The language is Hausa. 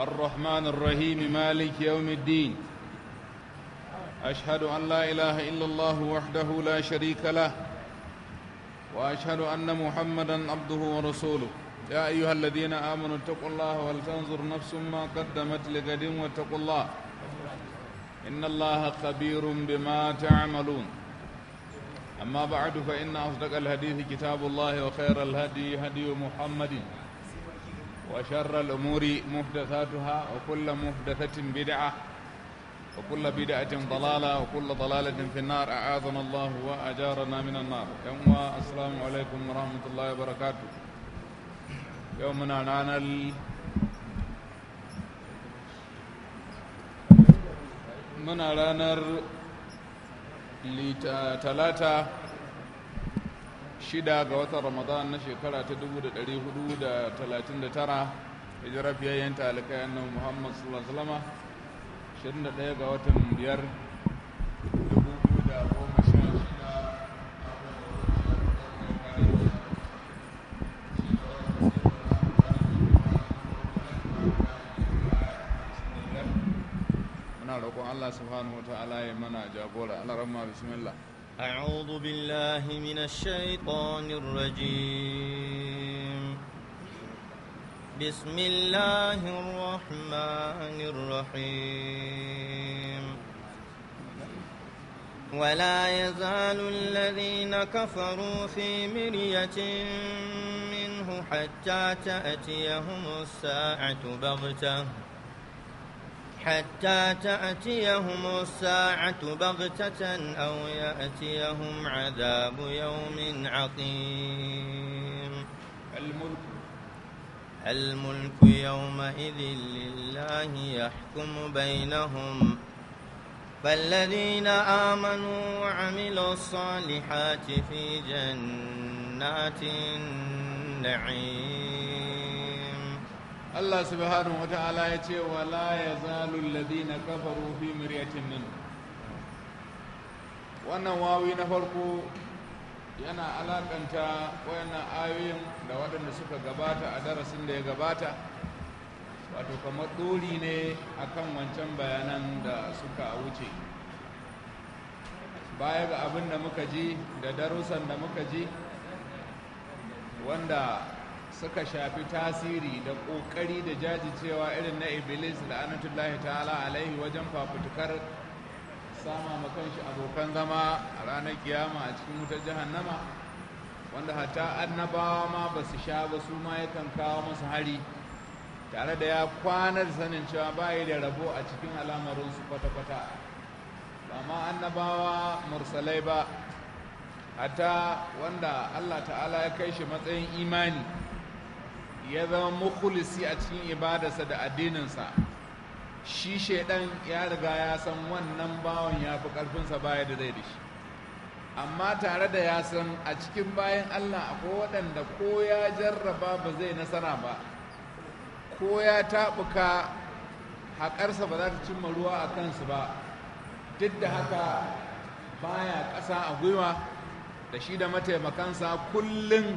الرحمن الرحيم مالك يوم الدين أشهد أن لا إله إلا الله وحده لا شريك له وأشهد أن محمدا عبده ورسوله يا أيها الذين آمنوا اتقوا الله ولتنظر نفس ما قدمت لغد واتقوا الله إن الله خبير بما تعملون أما بعد فإن أصدق الحديث كتاب الله وخير الهدي هدي محمد وشر الأمور محدثاتها وكل محدثة بدعة وكل بدعة ضلالة وكل ضلالة في النار أعاذنا الله وأجارنا من النار يوم السلام عليكم ورحمة الله وبركاته يومنا نعنى ال... من رانر لتلاتة shida ga watan ramadan na shekara ta 439 hijirar biyayyen talika na muhammad sallallahu alaihi wasallam 21 ga watan biyar 2016 roƙon Allah subhanahu wa ta'ala ya mana jagora Allah rahma bismillah أعوذ بالله من الشيطان الرجيم بسم الله الرحمن الرحيم ولا يزال الذين كفروا في مرية منه حتى تأتيهم الساعة بغتة حتى تأتيهم الساعة بغتة أو يأتيهم عذاب يوم عقيم الملك الملك يومئذ لله يحكم بينهم فالذين آمنوا وعملوا الصالحات في جنات النعيم Allah subhanahu wa ta'ala ya ce wa la ya zalul ladina kafaru fi miryatin min wannan wawi na farko yana alakanta wayannan ayoyin da waɗanda suka gabata a darasin da ya gabata wato kamar ɗori ne akan wancan bayanan da suka wuce baya ga abin da muka ji da darussan da muka ji wanda suka shafi tasiri da ƙoƙari da jajicewa irin na iblis Anatullahi ta'ala alaihi wajen fafutukar sama kanshi abokan zama a ranar kiyama a cikin wutar jahannama wanda hatta annabawa ma ba su sha ba su ma yakan kawo masu hari tare da ya kwanar sanin cewa bayi da rabo a cikin al'amarinsu kwata-kwata ba ma annabawa mursalai ba hatta wanda allah ta'ala ya kai shi matsayin imani ya zama mukulisi a cikin ibadarsa da addininsa shi shaidan ya riga ya san wannan bawan ya fi ƙarfinsa baya da zai da shi amma tare da ya san a cikin bayan allah akwai waɗanda ko ya jarraba ba zai nasara ba ko ya taɓuka haƙarsa ba za ta cimma ruwa a kansu ba duk da haka baya ƙasa a gwiwa da shi da mataimakansa kullum